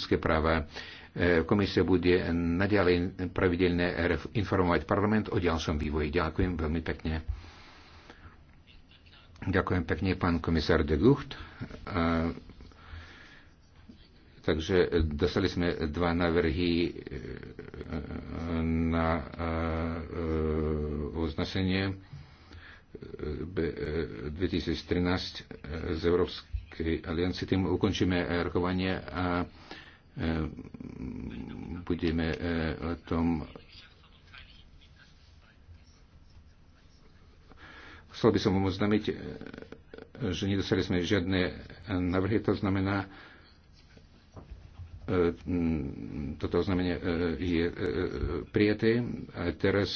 ľudské práva. E, Komisia bude naďalej pravidelne informovať parlament o ďalšom vývoji. Ďakujem veľmi pekne. Ďakujem pekne, pán komisár de Gucht. Takže dostali sme dva návrhy e, na e, označenie 2013 z Európskej aliancie. Tým ukončíme rokovanie a Ehm, budeme eh, o tom Chcel by som vám oznámiť, eh, že nedostali sme žiadne navrhy, to znamená, ehm, toto oznámenie eh, je prijaté. A teraz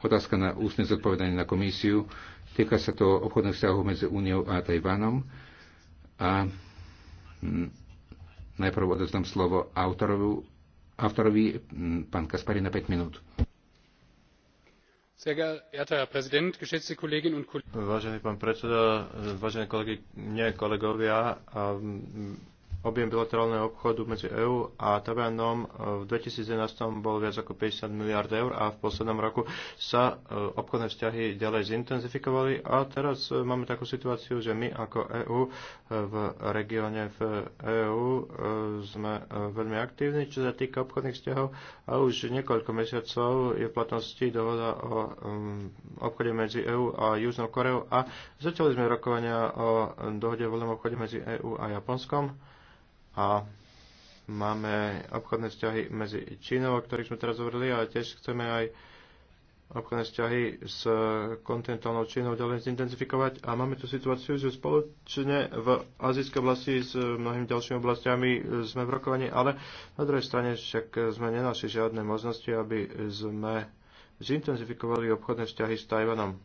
otázka na ústne zodpovedanie na komisiu. Týka sa to obchodných vzťahov medzi Úniou a Tajvanom. A hm, Najprv odozdám slovo autorovi, autorovi pán Kaspari na 5 minút. Vážený pán predseda, vážené kolegy, nie kolegovia, Objem bilaterálneho obchodu medzi EÚ a Taiwanom e, v 2011 bol viac ako 50 miliard eur a v poslednom roku sa e, obchodné vzťahy ďalej zintenzifikovali a teraz e, máme takú situáciu, že my ako EÚ v regióne v EÚ sme veľmi aktívni, čo sa týka obchodných vzťahov a už niekoľko mesiacov je v platnosti dohoda o mm, obchode medzi EÚ a Južnou Koreou a začali sme rokovania o dohode o voľnom obchode medzi EÚ a Japonskom a máme obchodné vzťahy medzi Čínou, o ktorých sme teraz hovorili, ale tiež chceme aj obchodné vzťahy s kontinentálnou Čínou ďalej zintenzifikovať a máme tu situáciu, že spoločne v azijskej oblasti s mnohými ďalšími oblastiami sme v rokovaní, ale na druhej strane však sme nenašli žiadne možnosti, aby sme zintenzifikovali obchodné vzťahy s Tajvanom.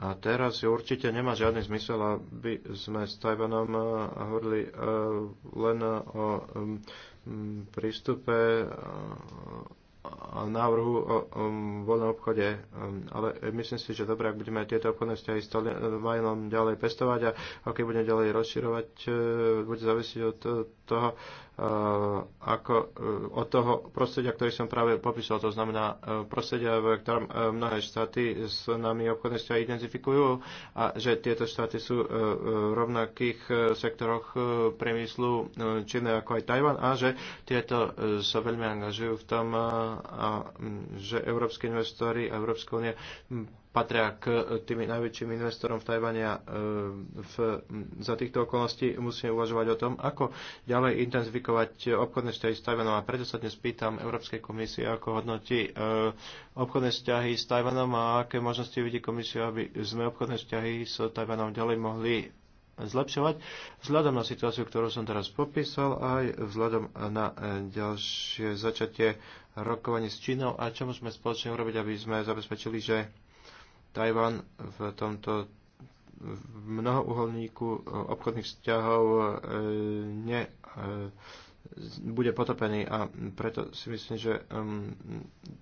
A teraz určite nemá žiadny zmysel, aby sme s Tajvanom eh, hovorili eh, len o mm, prístupe eh, a návrhu o voľnom obchode. Ale myslím si, že dobre, ak budeme tieto obchodné vzťahy s Tajvanom ďalej pestovať a ak budeme ďalej rozširovať, bude závisiť od toho, Eh, ako eh, od toho prostredia, ktorý som práve popísal, to znamená eh, prostredia, v ktorom mnohé štáty s nami obchodné vzťahy identifikujú a že tieto štáty sú v rovnakých sektoroch priemyslu činné ako aj Tajvan a že tieto sa veľmi angažujú v tom, a mm, že európske investori a Európska únia hm, patria k e, tým najväčším investorom v Tajvane a e, v, za týchto okolností musíme uvažovať o tom, ako ďalej intenzifikovať obchodné vzťahy s Tajvanom. A preto sa dnes pýtam Európskej komisie, ako hodnotí e, obchodné vzťahy s Tajvanom a aké možnosti vidí komisia, aby sme obchodné vzťahy s Tajvanom ďalej mohli zlepšovať. Vzhľadom na situáciu, ktorú som teraz popísal, aj vzhľadom na ďalšie začatie rokovanie s Čínou a čo môžeme spoločne urobiť, aby sme zabezpečili, že Tajvan v tomto mnohouholníku obchodných vzťahov e, ne e, bude potopený a preto si myslím, že um,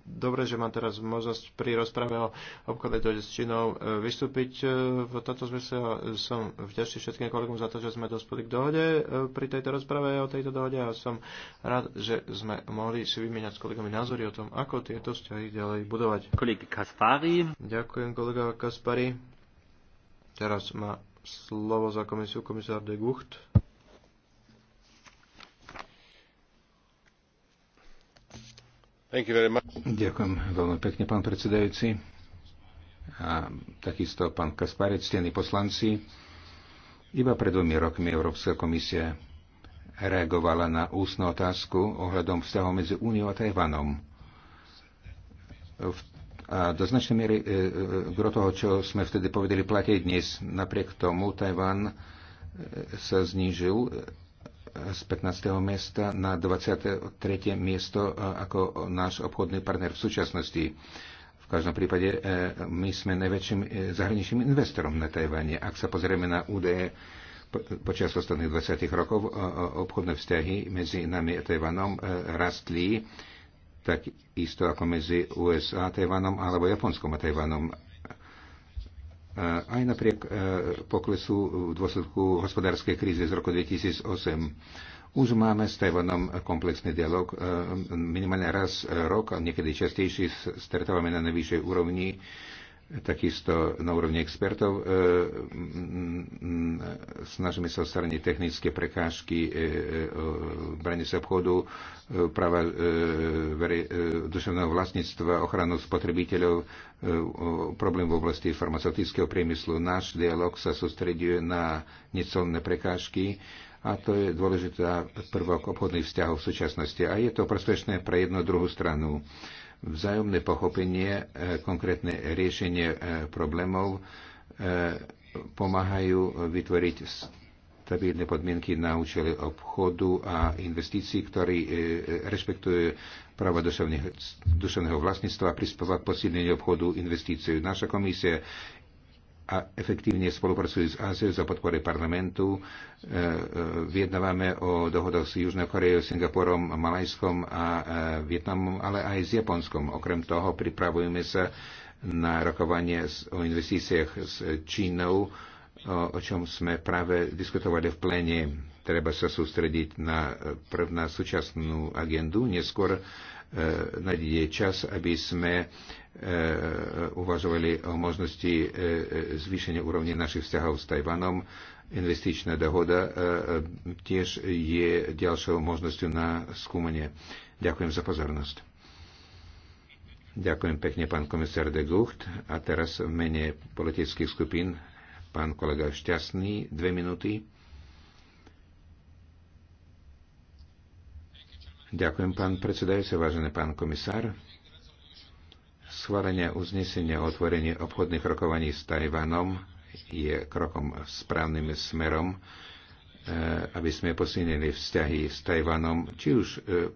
dobre, že mám teraz možnosť pri rozprave o obchode s Čínou e, vystúpiť e, v tomto zmysle a som vďačný všetkým kolegom za to, že sme dospeli k dohode e, pri tejto rozprave o tejto dohode a som rád, že sme mohli si vymieňať s kolegami názory o tom, ako tieto vzťahy ďalej budovať. Kolega Kaspari. Ďakujem kolega Kaspari. Teraz má slovo za komisiu komisár de Gucht. Ďakujem veľmi pekne, pán predsedajúci. A takisto pán Kasparec, stení poslanci. Iba pred dvomi rokmi Európska komisia reagovala na ústnu otázku ohľadom vzťahu medzi Úniou a Tajvanom. A do značnej miery e, e, gro toho, čo sme vtedy povedali, platí dnes. Napriek tomu Tajvan e, sa znížil z 15. miesta na 23. miesto e, ako náš obchodný partner v súčasnosti. V každom prípade e, my sme najväčším e, zahraničným investorom na Tajvane. Ak sa pozrieme na údaje počas ostatných 20 rokov, obchodné vzťahy medzi nami a Tajvanom rastli tak isto ako medzi USA a Tajvanom alebo Japonskom a Tajvanom aj napriek e, poklesu v dôsledku hospodárskej krízy z roku 2008. Už máme s Tajvanom komplexný dialog, e, minimálne raz e, rok, a niekedy častejší stretávame na najvyššej úrovni takisto na úrovni expertov. E, snažíme sa odstrániť technické prekážky e, e, branie sa obchodu, práva duševného vlastníctva, ochranu spotrebiteľov, problém v oblasti farmaceutického priemyslu. Náš dialog sa sústreduje na necelné prekážky a to je dôležitá prvok obchodných vzťahov v súčasnosti a je to prospešné pre jednu druhú stranu vzájomné pochopenie, e, konkrétne riešenie e, problémov e, pomáhajú vytvoriť stabilné podmienky na účely obchodu a investícií, ktorí rešpektujú práva duševného vlastníctva a prispieva k posilneniu obchodu investíciu. Naša komisia a efektívne spolupracujú s Áziou za podpory parlamentu. E, e, Viednávame o dohodoch s Južnou Koreou, Singapurom, Malajskom a e, Vietnamom, ale aj s Japonskom. Okrem toho pripravujeme sa na rokovanie o investíciách s Čínou, o čom sme práve diskutovali v plene. Treba sa sústrediť na prvná súčasnú agendu, neskôr E, nájde jej čas, aby sme e, uvažovali o možnosti e, zvýšenia úrovne našich vzťahov s Tajvanom. Investičná dohoda tiež je ďalšou možnosťou na skúmanie. Ďakujem za pozornosť. Ďakujem pekne, pán komisár de Gucht. A teraz v mene politických skupín pán kolega Šťastný, dve minúty. Ďakujem, pán predsedajúci, vážený pán komisár. Schválenie uznesenia o otvorení obchodných rokovaní s Tajvanom je krokom správnym smerom, e, aby sme posilnili vzťahy s Tajvanom, či už e,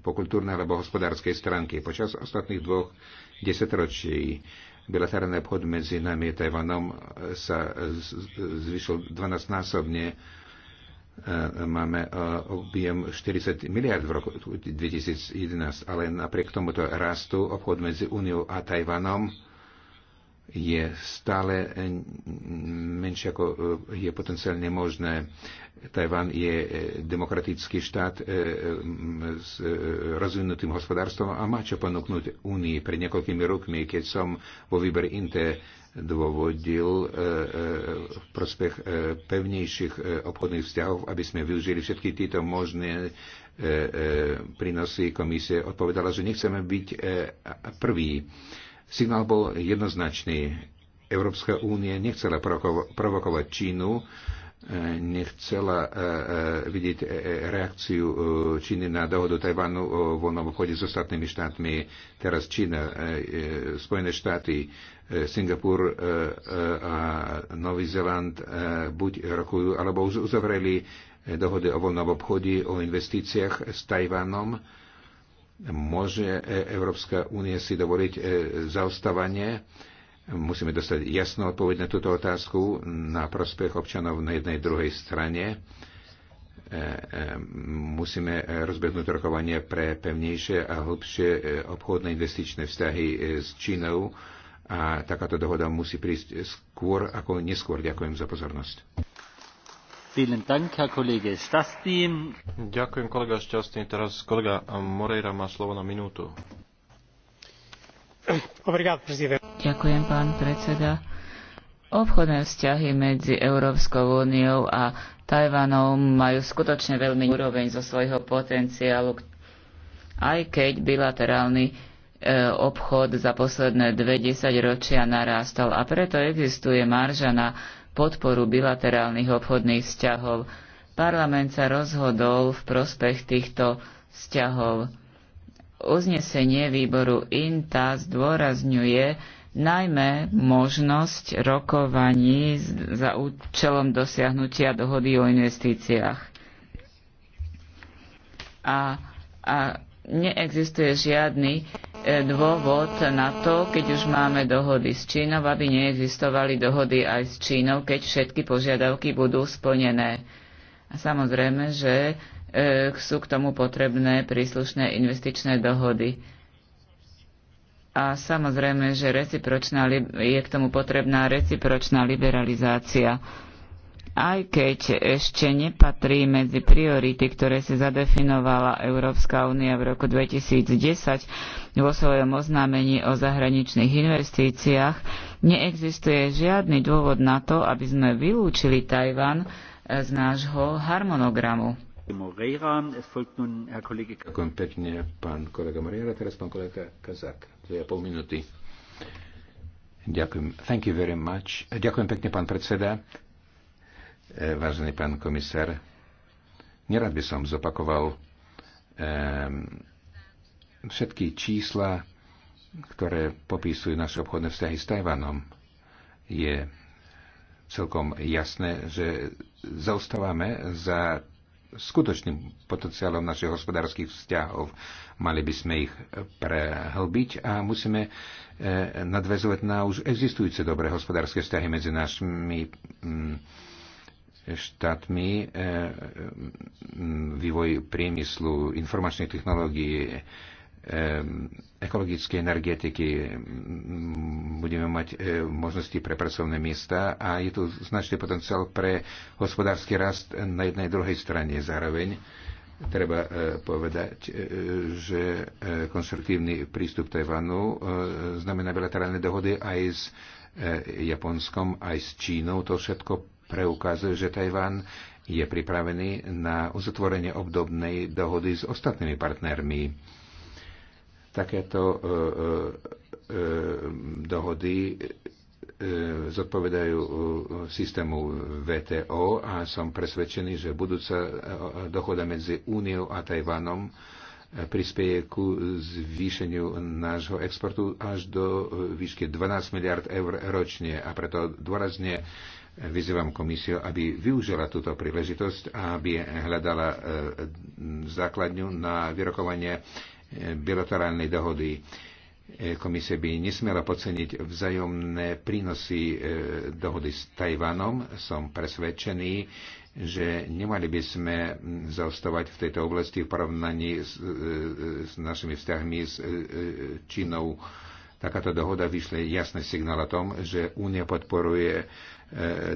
po kultúrnej alebo hospodárskej stránke. Počas ostatných dvoch desetročí bilaterálny obchod medzi nami a Tajvanom sa zvyšil 12-násobne E, máme e, objem 40 miliard v roku 2011, ale napriek tomuto rastu obchod medzi Úniou a Tajvanom je stále menšie ako e, je potenciálne možné. Tajvan je demokratický štát s rozvinutým hospodárstvom a má čo ponúknuť Únii. Pred niekoľkými rokmi, keď som vo výber INTE dôvodil prospech e, pevnejších e, obchodných vzťahov, aby sme využili všetky tieto možné e, prínosy komisie, odpovedala, že nechceme byť prvý. Signál bol jednoznačný. Európska únie nechcela provokovať Čínu, E, nechcela e, e, vidieť reakciu Číny na dohodu Tajvanu o novom obchode s ostatnými štátmi. Teraz Čína, Spojené štáty, Singapur a Nový Zeland buď rokujú, alebo už uzavreli dohody o voľnom obchode, o investíciách s Tajvanom. Môže Európska únia si dovoliť zaostávanie? Musíme dostať jasnú odpoveď na túto otázku na prospech občanov na jednej druhej strane. E, e, musíme rozbehnúť rokovanie pre pevnejšie a hlbšie e, obchodné investičné vzťahy s Čínou a takáto dohoda musí prísť skôr ako neskôr. Ďakujem za pozornosť. Ďakujem, kolega Šťastný. Teraz kolega Moreira má slovo na minútu. Obrigado, presidente. Ďakujem, pán predseda. Obchodné vzťahy medzi Európskou úniou a Tajvanom majú skutočne veľmi úroveň zo svojho potenciálu, aj keď bilaterálny e, obchod za posledné dve ročia narástol a preto existuje marža na podporu bilaterálnych obchodných vzťahov. Parlament sa rozhodol v prospech týchto vzťahov. Uznesenie výboru INTA zdôrazňuje, najmä možnosť rokovaní za účelom dosiahnutia dohody o investíciách. A, a neexistuje žiadny e, dôvod na to, keď už máme dohody s Čínou, aby neexistovali dohody aj s Čínou, keď všetky požiadavky budú splnené. A samozrejme, že e, sú k tomu potrebné príslušné investičné dohody a samozrejme, že recipročná, je k tomu potrebná recipročná liberalizácia. Aj keď ešte nepatrí medzi priority, ktoré si zadefinovala Európska únia v roku 2010 vo svojom oznámení o zahraničných investíciách, neexistuje žiadny dôvod na to, aby sme vylúčili Tajvan eh, z nášho harmonogramu. Ďakujem pekne, pán kolega Moreira, teraz pán kolega Kazak. 3,5 minúty. Ďakujem. Thank you very much. Ďakujem pekne, pán predseda. E, vážený pán komisár, nerad by som zopakoval všetky čísla, ktoré popisujú naše obchodné vzťahy s Tajvanom. Je celkom jasné, že zaostávame za skutočným potenciálom našich hospodárskych vzťahov. Mali by sme ich prehlbiť a musíme e, nadvezovať na už existujúce dobré hospodárske vzťahy medzi našimi mm, štátmi, e, vývoj priemyslu, informačných technológií, ekologickej energetiky, budeme mať e, možnosti pre pracovné miesta a je tu značný potenciál pre hospodársky rast na jednej druhej strane. Zároveň treba e, povedať, e, že konstruktívny prístup Tajvanu znamená bilaterálne dohody aj s Japonskom, aj s Čínou. To všetko preukazuje, že Tajván je pripravený na uzatvorenie obdobnej dohody s ostatnými partnermi Takéto e, e, e, dohody zodpovedajú systému VTO a som presvedčený, že budúca dohoda medzi Úniou a Tajvanom prispieje ku zvýšeniu nášho exportu až do výšky 12 miliard eur ročne a preto dôrazne vyzývam komisiu, aby využila túto príležitosť a aby hľadala základňu na vyrokovanie bilaterálnej dohody. E, Komisia by nesmela podceniť vzájomné prínosy e, dohody s Tajvanom. Som presvedčený, že nemali by sme zaostávať v tejto oblasti v porovnaní s, e, s našimi vzťahmi s Čínou. Takáto dohoda vyšle jasný signál o tom, že Únia podporuje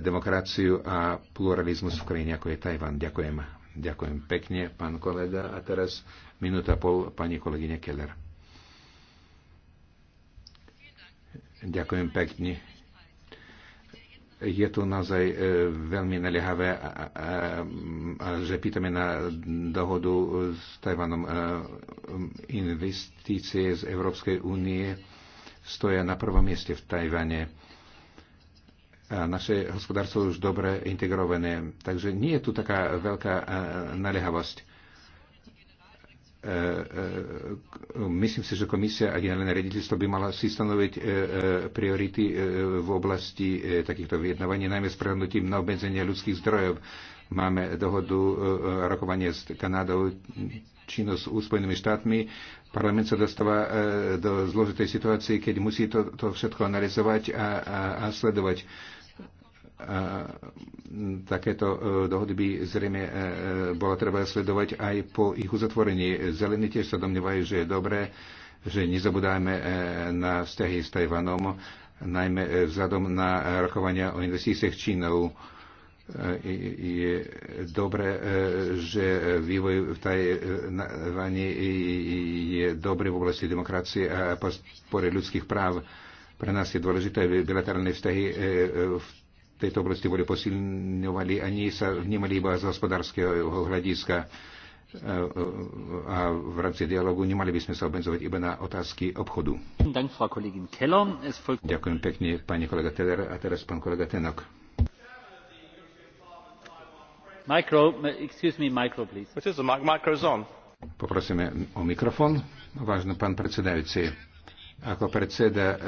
demokraciu a pluralizmus v krajine ako je Tajvan. Ďakujem. Ďakujem pekne, pán kolega. A teraz minúta pol pani kolegyne Keller. Ďakujem pekne. Je to naozaj e, veľmi naliehavé, že pýtame na dohodu s Tajvanom e, investície z Európskej únie stoja na prvom mieste v Tajvane naše hospodárstvo už dobre integrované. Takže nie je tu taká veľká e, naliehavosť. E, e, myslím si, že komisia a generálne rediteľstvo by mala si stanoviť priority v oblasti takýchto vyjednávaní, najmä s prehľadnutím na obmedzenie ľudských zdrojov. Máme dohodu rokovanie s Kanadou, Čínou, s Spojenými štátmi. Parlament sa dostáva do zložitej situácie, keď musí to, to všetko analyzovať a, a, a sledovať takéto e, dohody by zrejme e, e, bola treba sledovať aj po ich uzatvorení. Zelení tiež sa domnievajú, že je dobré, že nezabudáme na vzťahy s Tajvanom, najmä vzhľadom na rokovania o investíciách Čínov. Je dobré, že vývoj v Tajvani je dobrý v oblasti demokracie a podpory ľudských práv. Pre nás je dôležité bilaterálne vzťahy v tejto oblasti boli posilňovali a nie sa vnímali iba z hospodárskeho hľadiska e, e, a v rámci dialogu nemali by sme sa obmedzovať iba na otázky obchodu. Ďakujem pekne, pani kolega Teller. A teraz pán kolega Tenok. Micro, excuse me, micro, please. Poprosíme o mikrofón. Vážno, pán predsedajúci ako predseda e, e,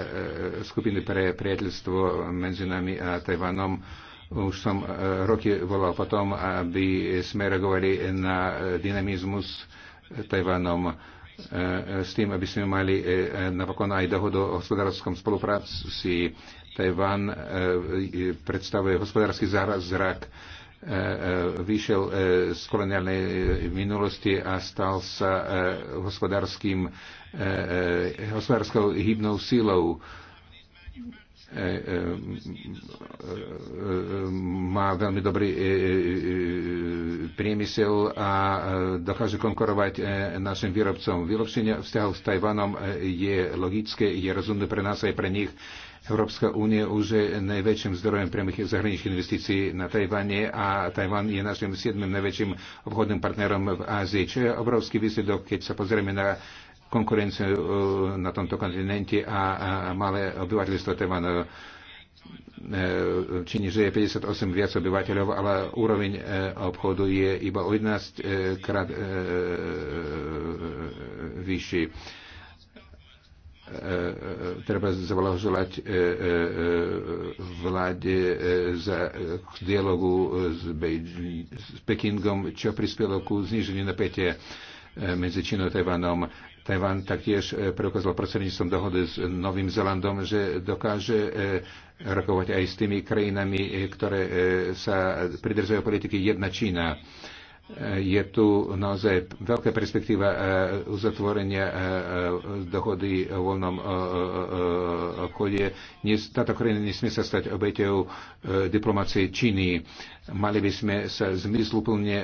skupiny pre priateľstvo medzi nami a Tajvanom už som e, roky volal po tom, aby sme reagovali na dynamizmus Tajvanom s tým, aby sme mali napokon aj dohodu o hospodárskom spolupráci. Tajván predstavuje hospodársky zázrak E, e, vyšiel e, z koloniálnej minulosti a stal sa hospodárským, hospodárskou hybnou sílou má veľmi dobrý priemysel a dokáže konkurovať našim výrobcom. Vylepšenie vzťahov s Tajvanom je logické, je rozumné pre nás aj pre nich. Európska únie už je najväčším zdrojem priamých zahraničných investícií na Tajvane a Tajvan je našim siedmým najväčším obchodným partnerom v Ázii, čo je obrovský výsledok, keď sa pozrieme na konkurenciu e, na tomto kontinente a malé obyvateľstvo Tajvanu. E, Číne žije 58 viac obyvateľov, ale úroveň e, obchodu je iba o 11 krát vyšší E, e, treba zavlahoželať e, vláde za dialogu s, s Pekingom, čo prispelo ku zniženiu napätia medzi Čínou a Tajvanom. Tajvan taktiež preukázal prostredníctvom dohody s Novým Zelandom, že dokáže rokovať aj s tými krajinami, ktoré sa pridržajú politiky jedna Čína je tu naozaj veľká perspektíva e, uzatvorenia e, e, dohody o voľnom obchode. Táto krajina nesmie sa stať obeťou diplomácie Číny. Mali by sme sa zmysluplne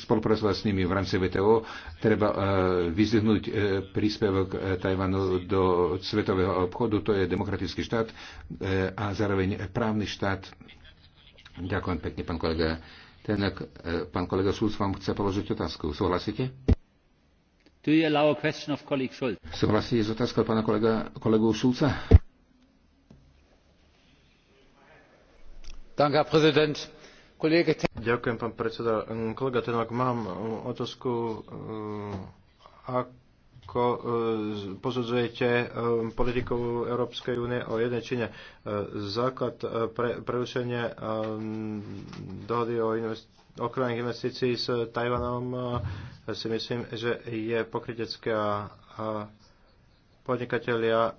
spolupracovať s nimi v rámci VTO. Treba vyzvihnúť príspevok Tajvanu do svetového obchodu. To je demokratický štát a zároveň právny štát Ďakujem pekne, pán kolega. Ten, e, pán kolega Schulz vám chce položiť otázku. Súhlasíte? Do you allow a question of colleague Schulz? Súhlasíte s otázkou pána kolega, kolegu Schulza? Danke, Herr Präsident. Ďakujem, pán predseda. Kolega Tenok, mám e, otázku, e, ak ako e, posudzujete e, politiku Európskej únie o jednej čine. E, základ pre prerušenie dohody o ochranných investícií s Tajvanom si myslím, že je pokrytecké a podnikatelia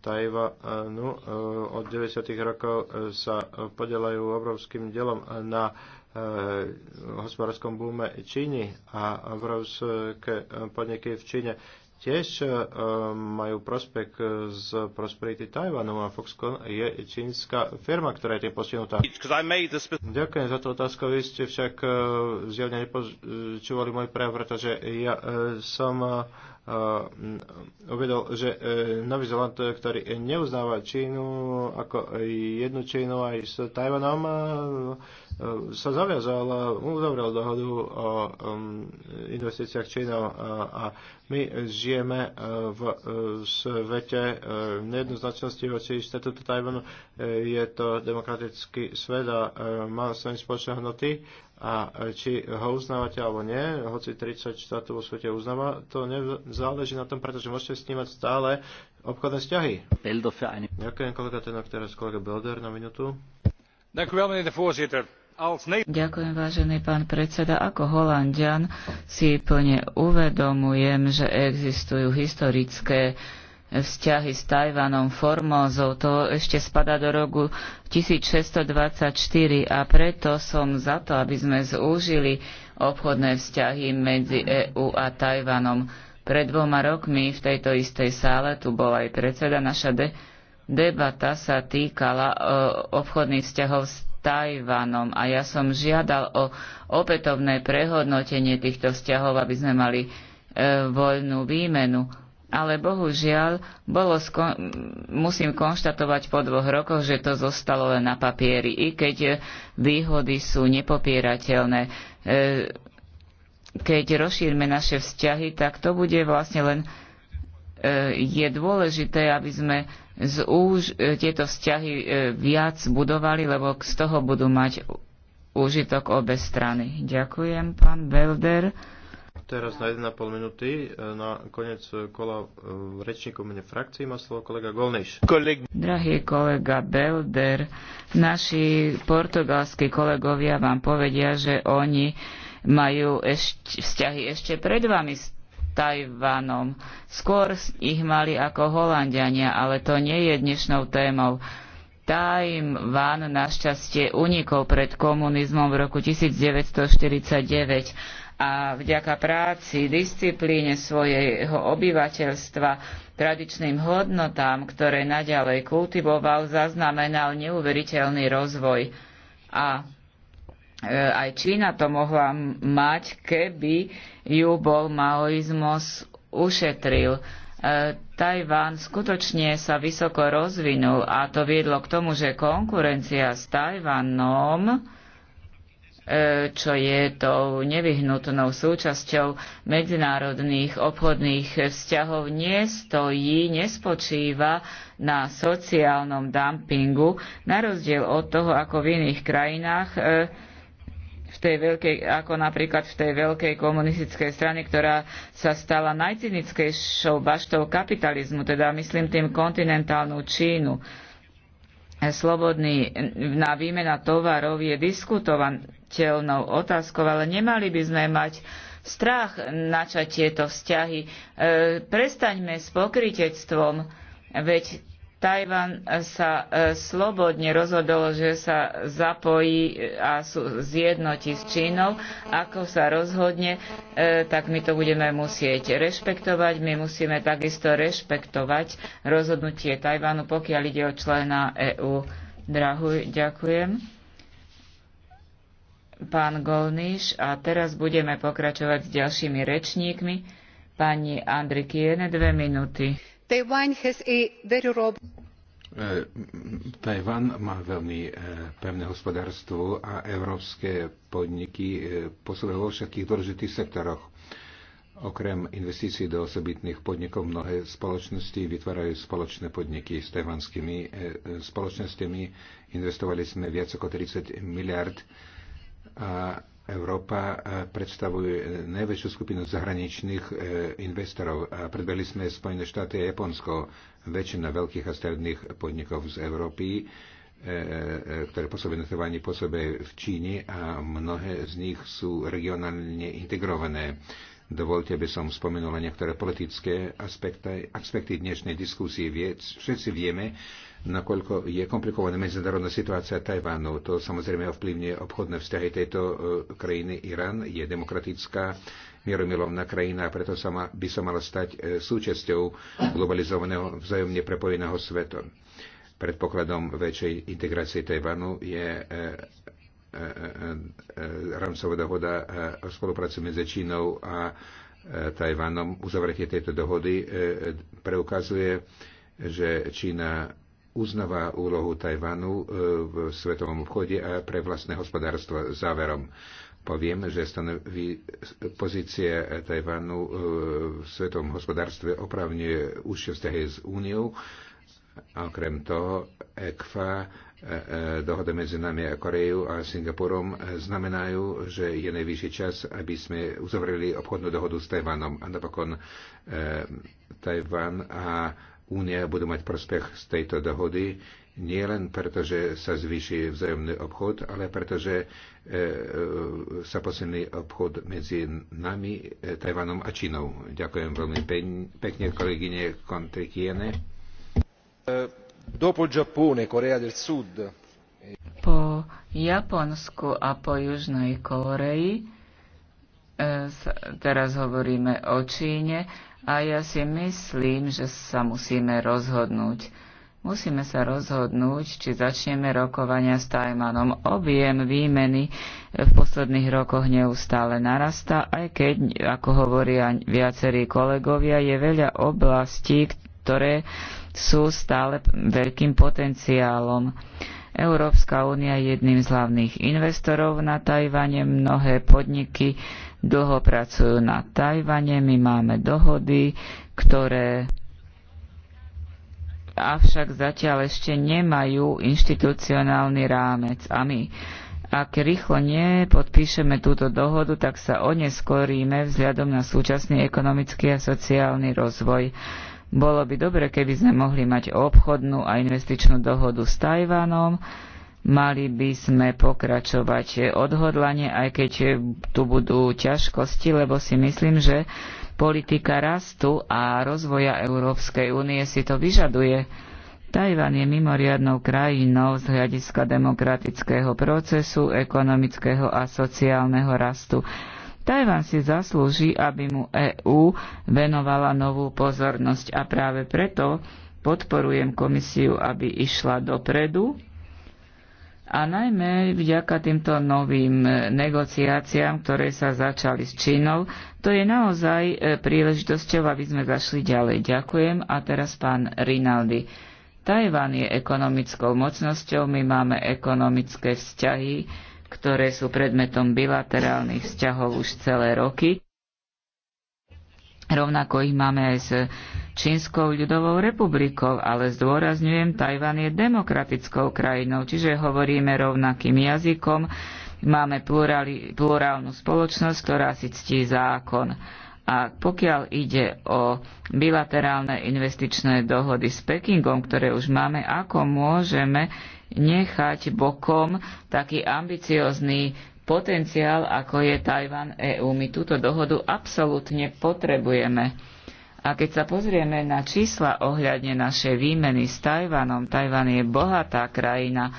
Tajvanu od 90. rokov sa podelajú obrovským dielom na v eh, hospodárskom búme Číny a obrovské podniky v Číne tiež eh, majú prospek z prosperity Tajvanu a Foxconn je čínska firma, ktorá je tým postihnutá. Ďakujem za tú otázku. Vy ste však eh, zjavne nepočúvali môj prejav, pretože ja som uvedol, že e, Nový Zeland, ktorý neuznáva Čínu ako jednu Čínu aj s Tajvanom, e, sa zaviazal, uzavrel dohodu o investíciách Čínov a my žijeme e, v svete nejednoznačnosti voči štatútu Tajvanu. Je to demokratický svet a má sa spoločné hodnoty a či ho uznávate alebo nie, hoci 30 štátov vo svete uznáva, to nezáleží na tom, pretože môžete snímať stále obchodné vzťahy. Ďakujem kolega Tenok, teraz kolega Belder na minútu. Ďakujem, vážený pán predseda. Ako Holandian si plne uvedomujem, že existujú historické vzťahy s Tajvanom, Formózou, to ešte spada do roku 1624 a preto som za to, aby sme zúžili obchodné vzťahy medzi EÚ a Tajvanom. Pred dvoma rokmi v tejto istej sále tu bol aj predseda. Naša de- debata sa týkala e, obchodných vzťahov s Tajvanom a ja som žiadal o opätovné prehodnotenie týchto vzťahov, aby sme mali e, voľnú výmenu ale bohužiaľ bolo skon- musím konštatovať po dvoch rokoch, že to zostalo len na papieri, i keď výhody sú nepopierateľné. E, keď rozšírme naše vzťahy, tak to bude vlastne len e, je dôležité, aby sme z úž, e, tieto vzťahy viac budovali, lebo z toho budú mať úžitok obe strany. Ďakujem, pán Belder teraz na 1,5 minúty e, na koniec kola e, rečníkov mene frakcií má slovo kolega Golnejš. Koleg... Drahý kolega Belder, naši portugalskí kolegovia vám povedia, že oni majú ešte, vzťahy ešte pred vami s Tajvanom. Skôr ich mali ako Holandiania, ale to nie je dnešnou témou. Tajvan našťastie unikol pred komunizmom v roku 1949 a vďaka práci, disciplíne svojho obyvateľstva, tradičným hodnotám, ktoré naďalej kultivoval, zaznamenal neuveriteľný rozvoj. A e, aj Čína to mohla mať, keby ju bol maoizmus ušetril. E, Tajván skutočne sa vysoko rozvinul a to viedlo k tomu, že konkurencia s Tajvanom E, čo je tou nevyhnutnou súčasťou medzinárodných obchodných vzťahov, nestojí, nespočíva na sociálnom dumpingu, na rozdiel od toho, ako v iných krajinách, e, v tej veľkej, ako napríklad v tej veľkej komunistickej strane, ktorá sa stala najcynickejšou baštou kapitalizmu, teda myslím tým kontinentálnu Čínu. E, Slobodný na výmena tovarov je diskutovan, neodpovedateľnou otázkou, ale nemali by sme mať strach načať tieto vzťahy. E, prestaňme s pokritectvom, veď Tajvan sa e, slobodne rozhodol, že sa zapojí a sú, zjednotí s Čínou. Ako sa rozhodne, e, tak my to budeme musieť rešpektovať. My musíme takisto rešpektovať rozhodnutie Tajvanu, pokiaľ ide o člena EÚ. drahuj. ďakujem pán Golniš a teraz budeme pokračovať s ďalšími rečníkmi. Pani Andrikiene, dve minúty. Tajvan e, má veľmi e, pevné hospodárstvo a európske podniky e, posúvajú vo všetkých dôležitých sektoroch. Okrem investícií do osobitných podnikov mnohé spoločnosti vytvárajú spoločné podniky s tajvanskými spoločnosťami. Investovali sme viac ako 30 miliard a Európa e, predstavuje e, najväčšiu skupinu zahraničných e, investorov a predbehli sme Spojené štáty a Japonsko. Väčšina veľkých a stredných podnikov z Európy, ktoré pôsobia na trvanie, pôsobia v Číne a mnohé z nich sú regionálne integrované. Dovolte, aby som spomenula niektoré politické aspekty, aspekty dnešnej diskusie. Všetci vieme, nakoľko je komplikovaná medzinárodná situácia Tajvánu. To samozrejme ovplyvňuje obchodné vzťahy tejto e, krajiny. Irán je demokratická, mieromilovná krajina a preto sa ma, by sa mala stať e, súčasťou globalizovaného, vzájomne prepojeného sveta. Predpokladom väčšej integrácie Tajvanu je e, rámcová dohoda o e, e, spolupráci medzi Čínou a e, Tajvanom. Uzavretie tejto dohody preukazuje, že Čína uznáva úlohu Tajvanu v svetovom obchode a pre vlastné hospodárstvo záverom. Poviem, že stanoví pozície Tajvanu v svetovom hospodárstve opravňuje užšie vzťahy s Úniou. A okrem toho, ECFA dohoda medzi nami a Koreou a Singapurom znamenajú, že je najvyšší čas, aby sme uzavreli obchodnú dohodu s Tajvanom. A napokon eh, Tajvan a Únia budú mať prospech z tejto dohody nie len preto, že sa zvýši vzájomný obchod, ale preto, že eh, sa posilní obchod medzi nami, eh, Tajvanom a Čínou. Ďakujem veľmi pe- pekne kolegyne Kontrikiene. E- po Japonsku a po Južnej Kóreji, e, teraz hovoríme o Číne, a ja si myslím, že sa musíme rozhodnúť. Musíme sa rozhodnúť, či začneme rokovania s Tajmanom. Objem výmeny v posledných rokoch neustále narastá, aj keď, ako hovoria viacerí kolegovia, je veľa oblastí, ktoré sú stále veľkým potenciálom. Európska únia je jedným z hlavných investorov na Tajvane. Mnohé podniky dlho pracujú na Tajvane. My máme dohody, ktoré avšak zatiaľ ešte nemajú inštitucionálny rámec. A my, ak rýchlo nepodpíšeme túto dohodu, tak sa oneskoríme vzhľadom na súčasný ekonomický a sociálny rozvoj. Bolo by dobre, keby sme mohli mať obchodnú a investičnú dohodu s Tajvanom. Mali by sme pokračovať odhodlanie, aj keď tu budú ťažkosti, lebo si myslím, že politika rastu a rozvoja Európskej únie si to vyžaduje. Tajvan je mimoriadnou krajinou z hľadiska demokratického procesu, ekonomického a sociálneho rastu. Tajván si zaslúži, aby mu EÚ venovala novú pozornosť a práve preto podporujem komisiu, aby išla dopredu a najmä vďaka týmto novým negociáciám, ktoré sa začali s Čínou, to je naozaj e, príležitosťou, aby sme zašli ďalej. Ďakujem. A teraz pán Rinaldi. Tajván je ekonomickou mocnosťou, my máme ekonomické vzťahy ktoré sú predmetom bilaterálnych vzťahov už celé roky. Rovnako ich máme aj s Čínskou ľudovou republikou, ale zdôrazňujem, Tajvan je demokratickou krajinou, čiže hovoríme rovnakým jazykom, máme plurali, plurálnu spoločnosť, ktorá si ctí zákon. A pokiaľ ide o bilaterálne investičné dohody s Pekingom, ktoré už máme, ako môžeme nechať bokom taký ambiciózny potenciál, ako je Tajvan EÚ. My túto dohodu absolútne potrebujeme. A keď sa pozrieme na čísla ohľadne našej výmeny s Tajvanom, Tajvan je bohatá krajina,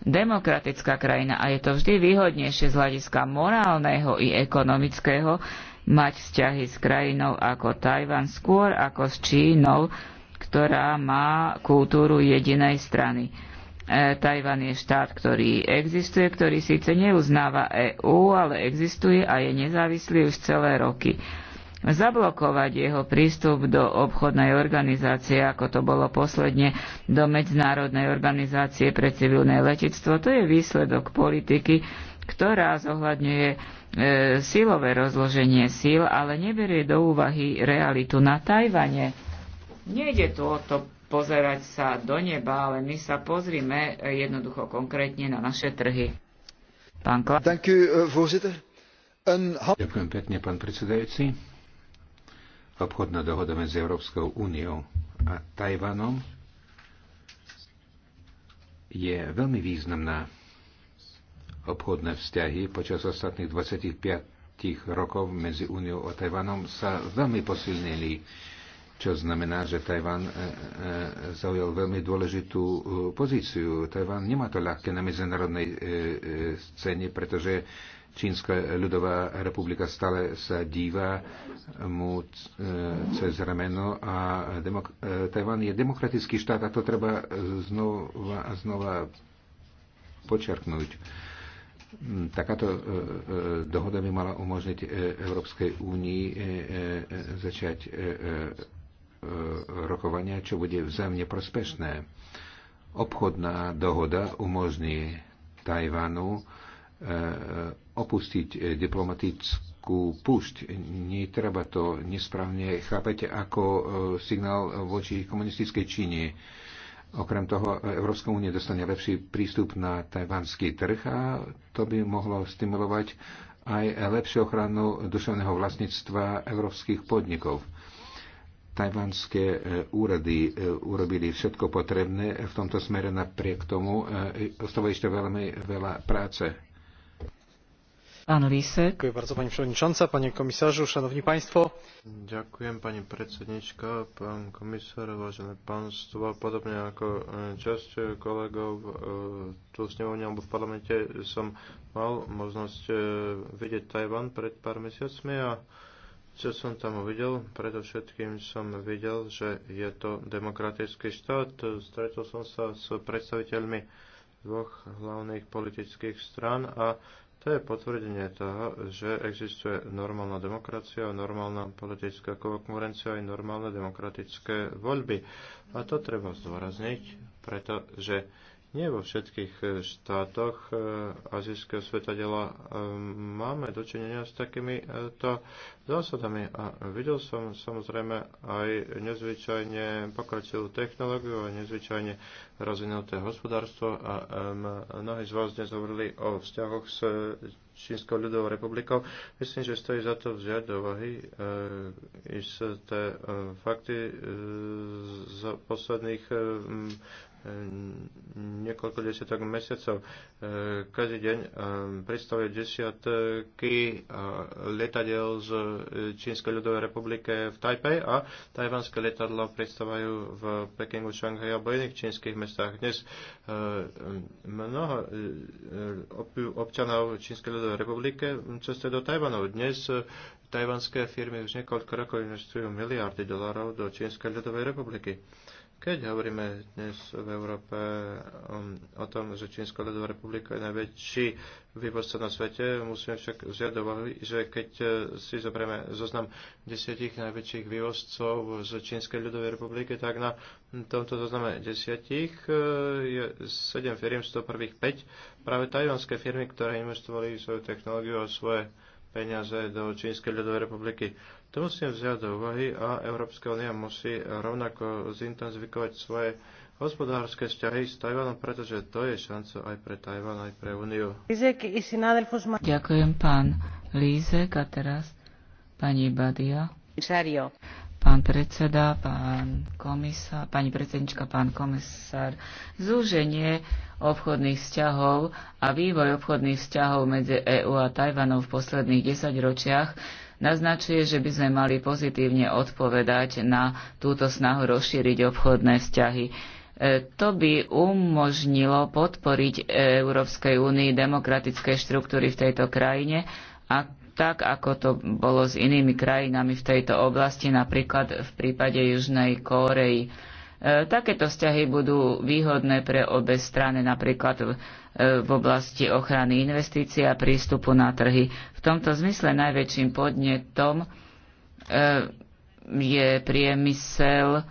demokratická krajina a je to vždy výhodnejšie z hľadiska morálneho i ekonomického mať vzťahy s krajinou ako Tajvan skôr ako s Čínou, ktorá má kultúru jedinej strany. E, Tajvan je štát, ktorý existuje, ktorý síce neuznáva EÚ, ale existuje a je nezávislý už celé roky. Zablokovať jeho prístup do obchodnej organizácie, ako to bolo posledne do Medzinárodnej organizácie pre civilné letectvo, to je výsledok politiky, ktorá zohľadňuje e, silové rozloženie síl, ale neberie do úvahy realitu na Tajvane. Nejde tu o to pozerať sa do neba, ale my sa pozrime eh, jednoducho konkrétne na naše trhy. Pán Kla... Eh, Ďakujem pekne, pán predsedajúci. Obchodná dohoda medzi Európskou úniou a Tajvanom je veľmi významná. Obchodné vzťahy počas ostatných 25 rokov medzi úniou a Tajvanom sa veľmi posilnili čo znamená, že Tajván e, e, e, zaujal veľmi dôležitú pozíciu. Tajván nemá to ľahké na medzinárodnej scéne, pretože Čínska ľudová republika stále sa díva mu cez rameno a demok- Tajván je demokratický štát a to treba znova a znova počerknúť. Takáto dohoda by mala umožniť Európskej únii začať E, rokovania, čo bude vzájomne prospešné. Obchodná dohoda umožní Tajvanu e, opustiť e, diplomatickú púšť. Netreba to nesprávne chápať ako signál voči komunistickej Číne. Okrem toho Európska únie dostane lepší prístup na tajvanský trh a to by mohlo stimulovať aj lepšiu ochranu duševného vlastníctva európskych podnikov. Tajvanské e, úrady e, urobili všetko potrebné v tomto smere, napriek tomu e, ostáva ešte veľmi veľa práce. Pán Lísek. Ďakujem bardzo, pani przewodnicząca, panie komisarzu, szanowni państwo. Ďakujem, pani predsednička, pán komisar, vážené pánstvo. Podobne ako časť kolegov tu s nevoňa, alebo v parlamente som mal možnosť vidieť Tajvan pred pár mesiacmi a čo som tam uvidel? Predovšetkým som videl, že je to demokratický štát. Stretol som sa s predstaviteľmi dvoch hlavných politických strán a to je potvrdenie toho, že existuje normálna demokracia, normálna politická konkurencia aj normálne demokratické voľby. A to treba zdôrazniť, pretože nie vo všetkých e, štátoch e, azijského sveta dela e, máme dočinenia s takými to zásadami. A videl som samozrejme aj nezvyčajne pokročilú technológiu a nezvyčajne rozvinuté hospodárstvo a mnohí z vás dnes hovorili o vzťahoch s Čínskou ľudovou republikou. Myslím, že stojí za to vziať do vahy e, isté e, fakty e, z posledných e, E, niekoľko desiatok mesiacov. E, každý deň e, pristavuje desiatky letadiel z Čínskej ľudovej republiky v Tajpej a tajvanské letadlo pristávajú v Pekingu, Šanghaji alebo iných čínskych mestách. Dnes mnoho občanov Čínskej ľudovej republiky cestuje do Tajvanov. Dnes tajvanské firmy už niekoľko rokov investujú miliardy dolárov do Čínskej ľudovej republiky. Keď hovoríme dnes v Európe um, o tom, že Čínska ľudová republika je najväčší vývozca na svete, musíme však vziať do váhy, že keď eh, si zoberieme zoznam desiatich najväčších vývozcov z Čínskej ľudovej republiky, tak na tomto zozname desiatich eh, je 7 firiem, z toho prvých 5 práve tajvanské firmy, ktoré investovali svoju technológiu a svoje peniaze do Čínskej ľudovej republiky. To musíme vziať do úvahy a Európska únia musí rovnako zintenzifikovať svoje hospodárske vzťahy s Tajvanom, pretože to je šanca aj pre Tajvan, aj pre Úniu. Ďakujem pán Lízek a teraz pani Badia. Pán predseda, pán komisár, pani predsednička, pán komisár, zúženie obchodných vzťahov a vývoj obchodných vzťahov medzi EÚ a Tajvanom v posledných desaťročiach ročiach naznačuje, že by sme mali pozitívne odpovedať na túto snahu rozšíriť obchodné vzťahy. E, to by umožnilo podporiť Európskej únii demokratické štruktúry v tejto krajine a tak, ako to bolo s inými krajinami v tejto oblasti, napríklad v prípade Južnej Kórei E, takéto vzťahy budú výhodné pre obe strany, napríklad e, v oblasti ochrany investícií a prístupu na trhy. V tomto zmysle najväčším podnetom e, je priemysel,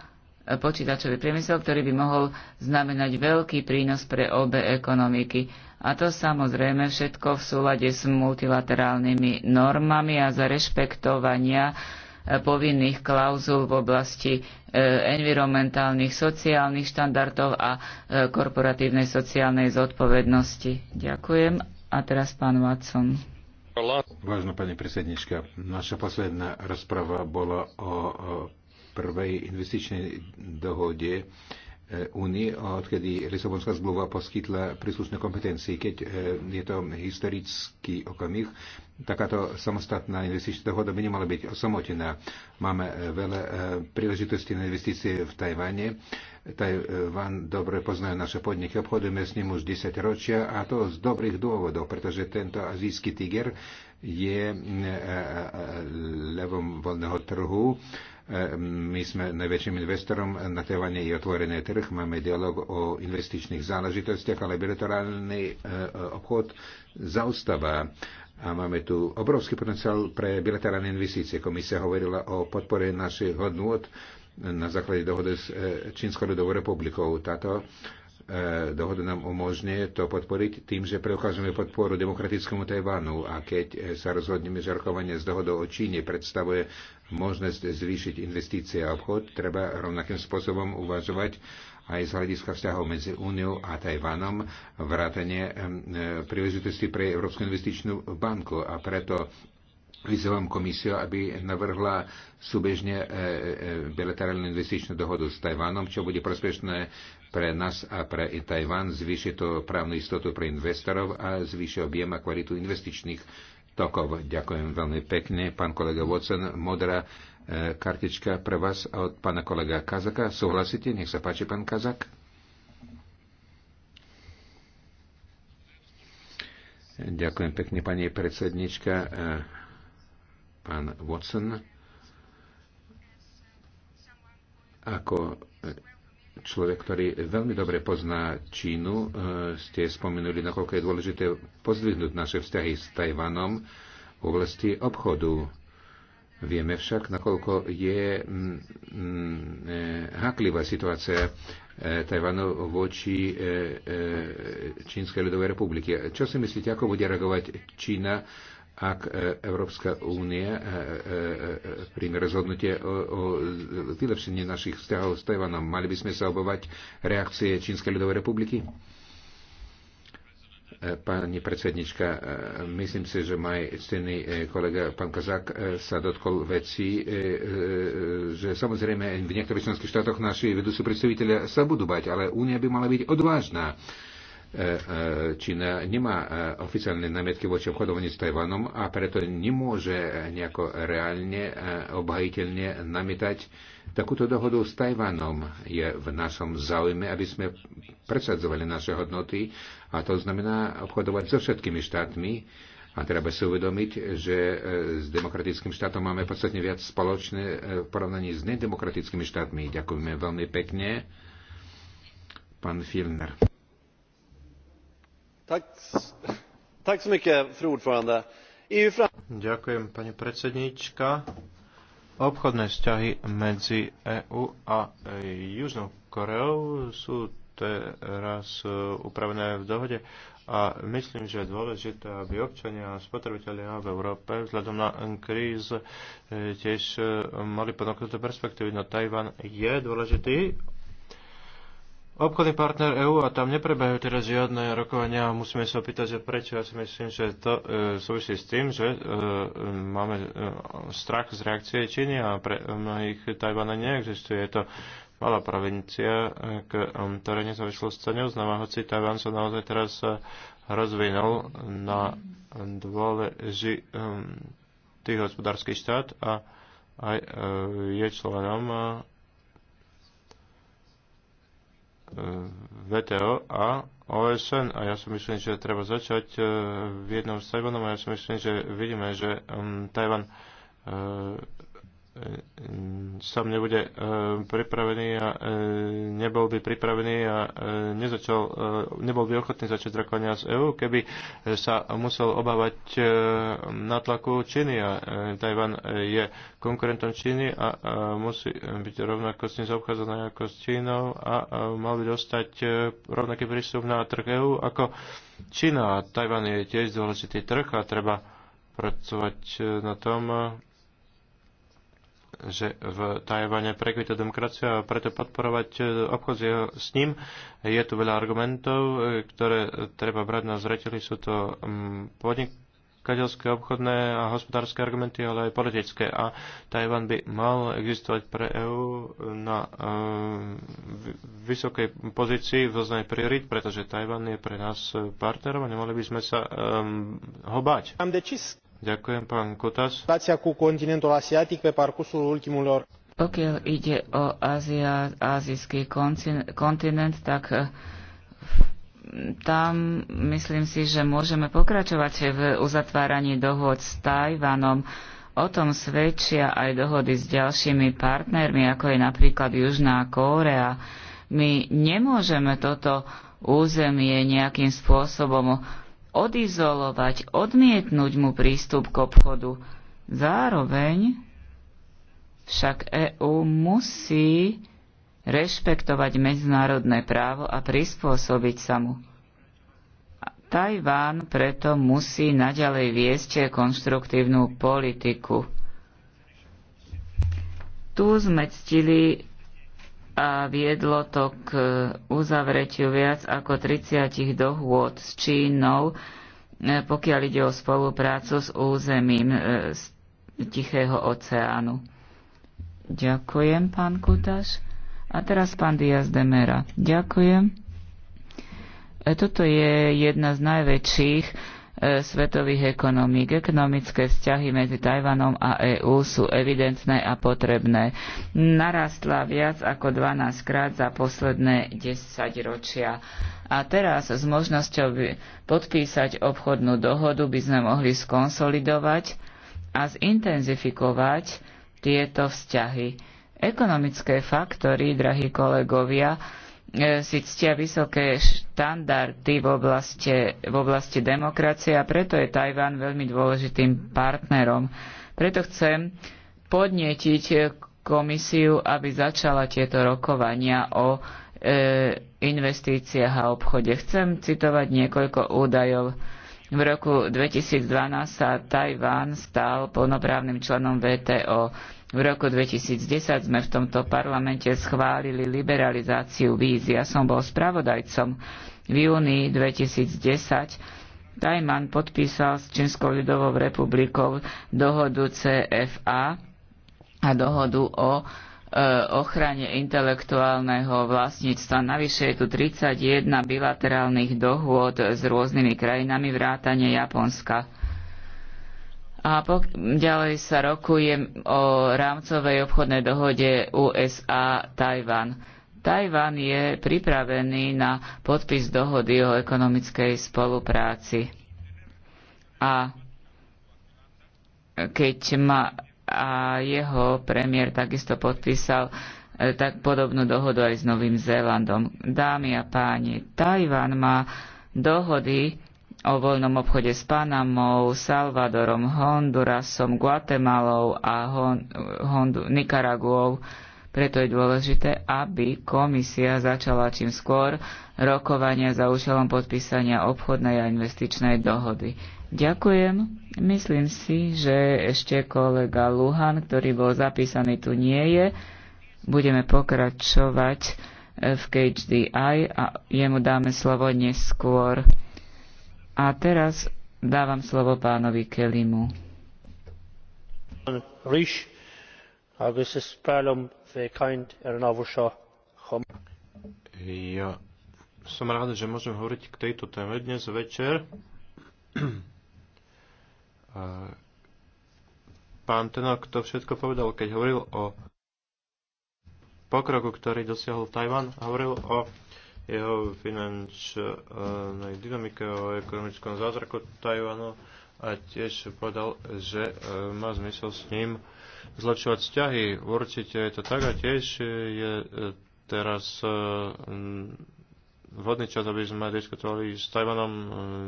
počítačový priemysel, ktorý by mohol znamenať veľký prínos pre obe ekonomiky. A to samozrejme všetko v súlade s multilaterálnymi normami a za rešpektovania povinných klauzul v oblasti e, environmentálnych, sociálnych štandardov a e, korporatívnej sociálnej zodpovednosti. Ďakujem. A teraz pán Watson. Vážna pani predsednička, naša posledná rozprava bola o, prvej investičnej dohode Únie, e, odkedy Lisabonská zmluva poskytla príslušné kompetencie. Keď je to historický okamih, takáto samostatná investičná dohoda by nemala byť osamotená. Máme e, veľa e, príležitostí na investície v Tajvane. Tajvan dobre poznajú naše podniky, obchodujeme s ním už 10 ročia a to z dobrých dôvodov, pretože tento azijský tiger je levom e, voľného trhu. My sme najväčším investorom, na Tajvane je otvorený trh, máme dialog o investičných záležitostiach, ale bilaterálny obchod zaustáva. A máme tu obrovský potenciál pre bilaterálne investície. Komisia hovorila o podpore našich hodnôt na základe dohody s e, Čínskou ľudovou republikou. Táto e, dohoda nám umožňuje to podporiť tým, že preukážeme podporu demokratickému Tajvanu a keď e, sa rozhodneme, že rokovanie s dohodou o Číne predstavuje možnosť zvýšiť investície a obchod, treba rovnakým spôsobom uvažovať aj z hľadiska vzťahov medzi Úniou a Tajvanom, vrátanie príležitosti pre Európsku investičnú banku. A preto vyzývam komisiu, aby navrhla súbežne e, e, bilaterálnu investičnú dohodu s Tajvanom, čo bude prospešné pre nás a pre Tajvan, zvýši to právnu istotu pre investorov a zvýši objem a kvalitu investičných tokov. Ďakujem veľmi pekne, pán kolega Watson. Modrá kartička pre vás od pána kolega Kazaka. Súhlasíte? Nech sa páči, pán Kazak. Ďakujem pekne, pani predsednička. Pán Watson, ako človek, ktorý veľmi dobre pozná Čínu, ste spomenuli, nakoľko je dôležité pozdvihnúť naše vzťahy s Tajvanom v oblasti obchodu Vieme však, nakoľko je mm, mm, e, háklivá situácia e, Tajvanu voči e, e, Čínskej ľudovej republiky. Čo si myslíte, ako bude reagovať Čína, ak e, Európska únia e, e, e príjme rozhodnutie o vylepšení našich vzťahov s Tajvanom? Mali by sme sa obávať reakcie Čínskej ľudovej republiky? Pani predsednička, e, myslím si, že môj ctený e, kolega pán Kazák e, sa dotkol veci, že samozrejme v niektorých členských štátoch naši vedúci predstaviteľia sa budú bať, ale únia by mala byť odvážna E, e, Čína nemá e, oficiálne námietky voči obchodovaní s Tajvanom a preto nemôže nejako reálne, obhajiteľne namietať takúto dohodu s Tajvanom. Je v našom záujme, aby sme presadzovali naše hodnoty a to znamená obchodovať so všetkými štátmi, a treba si uvedomiť, že s demokratickým štátom máme podstatne viac spoločné v porovnaní s nedemokratickými štátmi. Ďakujeme veľmi pekne. Pán Filner. E pani Obchodné vzťahy medzi EÚ a Južnou Koreou sú teraz e, upravené v dohode a myslím, že je dôležité, aby občania a spotrebitelia v Európe vzhľadom na krízu e, tiež mali ponúknuté perspektívy. No Tajvan je dôležitý obchodný partner EÚ a tam neprebehajú teraz žiadne rokovania a musíme sa opýtať, že prečo. Ja si myslím, že to e, súvisí s tým, že e, máme e, strach z reakcie Číny a pre mnohých Tajvana neexistuje. Je to malá provincia, e, e, ktorá nezávislosť sa neuznáva, hoci Tajván sa naozaj teraz e, rozvinul na dôležitý hospodársky štát a aj je členom VTO a OSN a ja si myslím, že treba začať e, v jednom s Tajvanom a ja si myslím, že vidíme, že mm, Tajvan e, Ehm, sám nebude ehm, pripravený a ehm, nebol by pripravený a nezačal, nebol by ochotný začať rokovania z EÚ, keby sa musel obávať natlaku Číny a Tajvan je konkurentom Číny a musí byť rovnako s ním zaobchádzaný ako s Čínou a mal by dostať rovnaký prístup na trh EÚ ako Čína Tajvan je tiež dôležitý trh a treba pracovať na tom, že v Tajvane prekvita demokracia a preto podporovať e, obchod s ním. Je tu veľa argumentov, e, ktoré treba brať na zreteli. Sú to mm, podnikateľské, obchodné a hospodárske argumenty, ale aj politické. A Tajvan by mal existovať pre EÚ na e, vysokej pozícii v zoznej priorit, pretože Tajvan je pre nás partnerom a nemali by sme sa e, ho bať. Ďakujem, pán Kutas. ku asiatic pe parcursul ultimulor. Pokiaľ ide o Ázia, azijský kontinent, tak eh, tam myslím si, že môžeme pokračovať v uzatváraní dohod s Tajvanom. O tom svedčia aj dohody s ďalšími partnermi, ako je napríklad Južná Kórea. My nemôžeme toto územie nejakým spôsobom odizolovať, odmietnúť mu prístup k obchodu. Zároveň však EÚ musí rešpektovať medzinárodné právo a prispôsobiť sa mu. Tajván preto musí naďalej viesť konštruktívnu politiku. Tu sme ctili a viedlo to k e, uzavretiu viac ako 30 dohôd s Čínou, e, pokiaľ ide o spoluprácu s územím e, z Tichého oceánu. Ďakujem, pán Kutaš. A teraz pán Diaz de Mera. Ďakujem. Toto je jedna z najväčších svetových ekonomík. Ekonomické vzťahy medzi Tajvanom a EÚ sú evidentné a potrebné. Narastla viac ako 12 krát za posledné 10 ročia. A teraz s možnosťou podpísať obchodnú dohodu by sme mohli skonsolidovať a zintenzifikovať tieto vzťahy. Ekonomické faktory, drahí kolegovia, si e, ctia vysoké štandardy v oblasti, v oblasti demokracie a preto je Tajván veľmi dôležitým partnerom. Preto chcem podnetiť komisiu, aby začala tieto rokovania o e, investíciách a obchode. Chcem citovať niekoľko údajov. V roku 2012 sa Tajván stal plnoprávnym členom VTO. V roku 2010 sme v tomto parlamente schválili liberalizáciu víz. Ja som bol spravodajcom. V júni 2010 Tajman podpísal s Čínskou ľudovou republikou dohodu CFA a dohodu o e, ochrane intelektuálneho vlastníctva. Navyše je tu 31 bilaterálnych dohôd s rôznymi krajinami vrátane Japonska. A pok- ďalej sa rokuje o rámcovej obchodnej dohode USA-Tajvan. Tajvan je pripravený na podpis dohody o ekonomickej spolupráci. A keď ma a jeho premiér takisto podpísal e, tak podobnú dohodu aj s Novým Zélandom. Dámy a páni, Tajvan má dohody o voľnom obchode s Panamou, Salvadorom, Hondurasom, Guatemalou a Hon- Hondu- Nikaraguou. Preto je dôležité, aby komisia začala čím skôr rokovania za účelom podpísania obchodnej a investičnej dohody. Ďakujem. Myslím si, že ešte kolega Luhan, ktorý bol zapísaný, tu nie je. Budeme pokračovať v KHDI a jemu dáme slovo neskôr. A teraz dávam slovo pánovi Kelimu. Er ja som rád, že môžem hovoriť k tejto téme dnes večer. Pán Tenok to všetko povedal, keď hovoril o pokroku, ktorý dosiahol Tajvan, hovoril o jeho finančnej dynamike, o ekonomickom zázraku Tajvanu a tiež povedal, že e, má zmysel s ním zlepšovať vzťahy. Určite je to tak a tiež je e, teraz e, vhodný čas, aby sme diskutovali s Tajvanom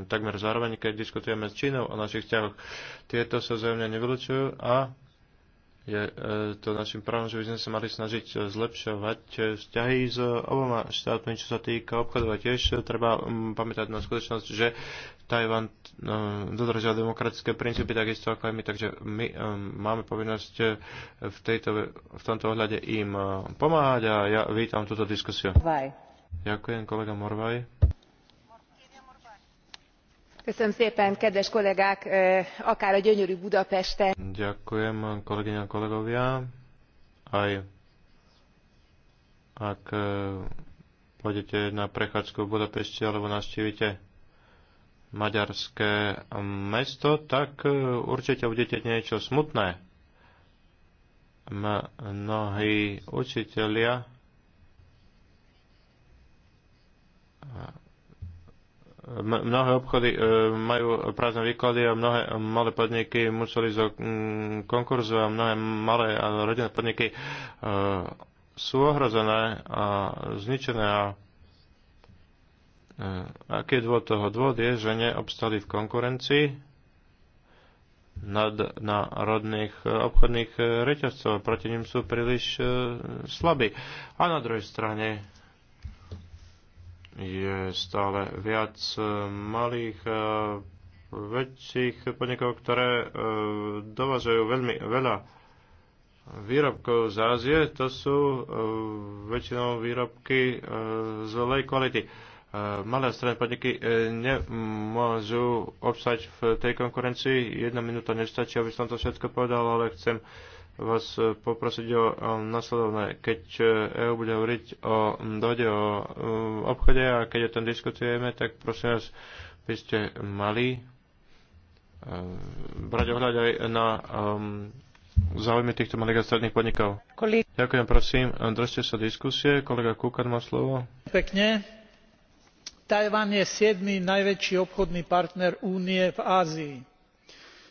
takmer zároveň, keď diskutujeme s Čínou o našich vzťahoch. Tieto sa zjavne nevylučujú a je e, to našim právom, že by sme sa mali snažiť e, zlepšovať e, vzťahy s oboma štátmi, čo sa týka obchodov. Tiež treba pamätať na skutočnosť, že Tajvan dodržia demokratické princípy takisto ako aj my, takže my máme povinnosť v, tejto, v tomto ohľade im pomáhať a ja vítam túto diskusiu. Bye. Ďakujem, kolega Morvaj akár a gyönyörű budapesten. ďakujem kolegyne a kolegovia aj ak pôjdete na prechádzku v Budapešti alebo navštívite maďarské mesto, tak určite budete niečo smutné. Mnohí učitelia mnohé obchody e, majú prázdne výklady a mnohé malé podniky museli zo mm, konkurzu a mnohé malé a rodinné podniky e, sú ohrozené a zničené a e, aký je dôvod toho? Dôvod je, že neobstali v konkurencii nad, na rodných obchodných reťazcov. Proti ním sú príliš slabí. A na druhej strane je stále viac eh, malých eh, väčších podnikov, ktoré eh, dovážajú veľmi veľa výrobkov z Ázie. To sú väčšinou výrobky zlej kvality. Malé a stredné podniky nemôžu obsať v tej konkurencii. Jedna minúta nestačí, aby som to všetko povedal, ale chcem vás poprosiť o nasledovné. Keď EU e bude hovoriť o dohode o e, obchode a keď o tom diskutujeme, tak prosím vás, by ste mali e, brať ohľad aj na záujmy týchto malých a stredných podnikov. Kolí... Ďakujem, prosím. Držte sa diskusie. Kolega Kúkan má slovo. Pekne. Tajván je siedmy najväčší obchodný partner únie v Ázii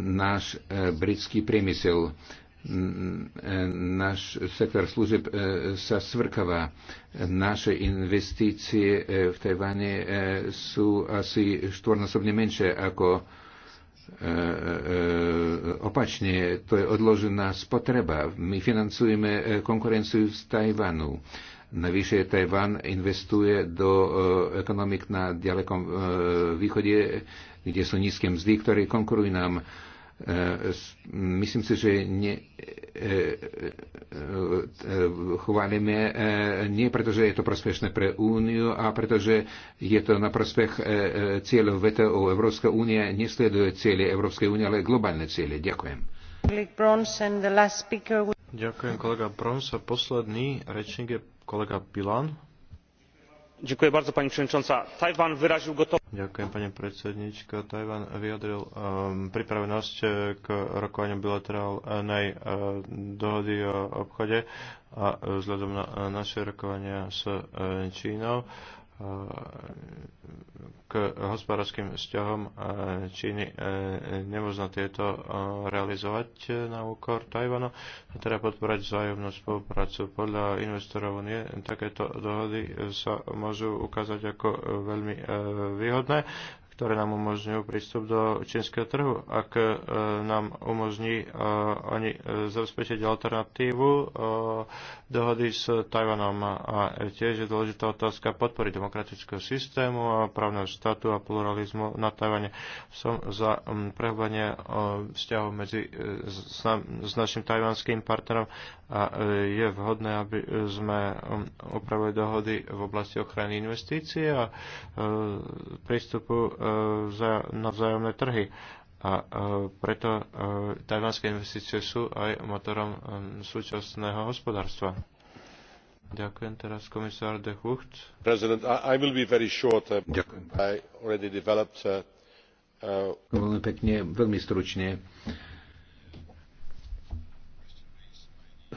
náš e, britský priemysel. E, náš sektor služeb e, sa svrkáva. Naše investície v Tajvane sú asi štvornásobne menšie ako opačne, to je odložená spotreba. My financujeme konkurenciu z Tajvanu. Navyše Tajván investuje do ekonomik na ďalekom východe kde sú nízke mzdy, ktoré konkurujú nám. E, myslím si, že ne, e, e, chválime nie preto, že je to prospešné pre Úniu a preto, že je to na prospech cieľov VTO. Európska únia nesleduje cieľe Európskej únie, ale globálne cieľe. Ďakujem. Ďakujem kolega Brons a posledný rečník je kolega Pilan tajvan vyraził gotowość tajvan vyjadril um, pripravenosť e, k rokovaniu bilaterálnej e, dohody o obchode a e, vzhľadom na naše rokovania s čínou k hospodárským vzťahom e, Číny e, nemôžno tieto e, realizovať na úkor Tajvanu Treba teda podporať vzájomnú spoluprácu. Podľa investorov nie, takéto dohody sa môžu ukázať ako veľmi výhodné ktoré nám umožňujú prístup do čínskeho trhu. Ak e, nám umožní e, oni zabezpečiť alternatívu e, dohody s Tajvanom. A tiež je dôležitá otázka podpory demokratického systému a právneho štátu a pluralizmu na Tajvane. Som za prehlbanie vzťahov medzi s našim tajvanským partnerom a e, je vhodné, aby e, sme upravili um, dohody v oblasti ochrany investícií a e, prístupu na vzájomné trhy. A preto tajvanské investície sú aj motorom súčasného hospodárstva. Ďakujem teraz komisár de Hucht. President, I, will be very short. Uh, Ďakujem. I already developed, uh, uh... Veľmi pekne, veľmi stručne. Uh,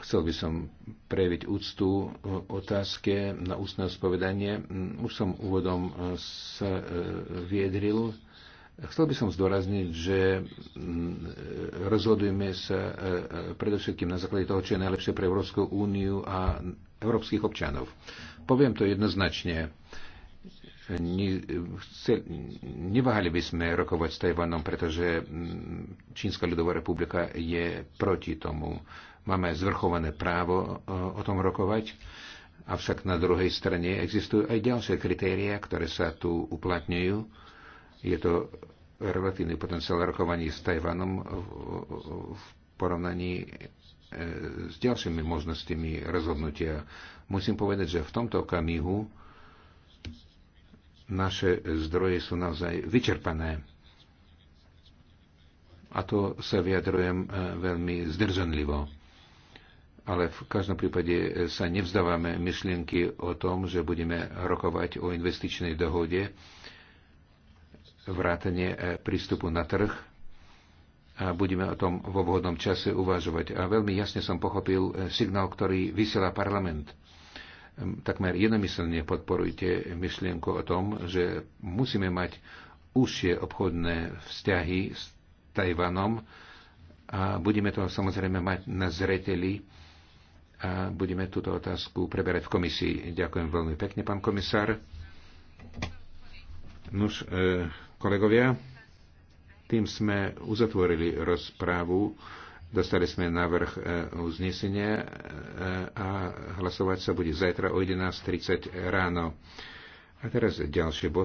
Chcel by som prejaviť úctu e, otázke na ústne spovedanie. Mm, už som úvodom e, sa e, viedril. Chcel by som zdôrazniť, že mm, rozhodujeme sa predovšetkým na základe toho, čo je najlepšie pre Európsku úniu a európskych občanov. Poviem to jednoznačne neváhali by sme rokovať s Tajvanom, pretože mm, Čínska ľudová republika je proti tomu. Máme zvrchované právo e, o tom rokovať, avšak na druhej strane existujú aj ďalšie kritéria, ktoré sa tu uplatňujú. Je to relatívny potenciál rokovaní s Tajvanom v porovnaní e, s ďalšími možnosťami rozhodnutia. Musím povedať, že v tomto kamihu naše zdroje sú naozaj vyčerpané. A to sa vyjadrujem e, veľmi zdržanlivo. Ale v každom prípade sa nevzdávame myšlienky o tom, že budeme rokovať o investičnej dohode, vrátanie e, prístupu na trh a budeme o tom vo vhodnom čase uvažovať. A veľmi jasne som pochopil e, signál, ktorý vysiela parlament takmer jednomyselne podporujte myšlienku o tom, že musíme mať užšie obchodné vzťahy s Tajvanom a budeme to samozrejme mať na zreteli a budeme túto otázku preberať v komisii. Ďakujem veľmi pekne, pán komisár. Nuž, e, kolegovia, tým sme uzatvorili rozprávu. Dostali sme návrh e, uznesenia e, e, a hlasovať sa bude zajtra o 11.30 ráno. A teraz ďalší bod.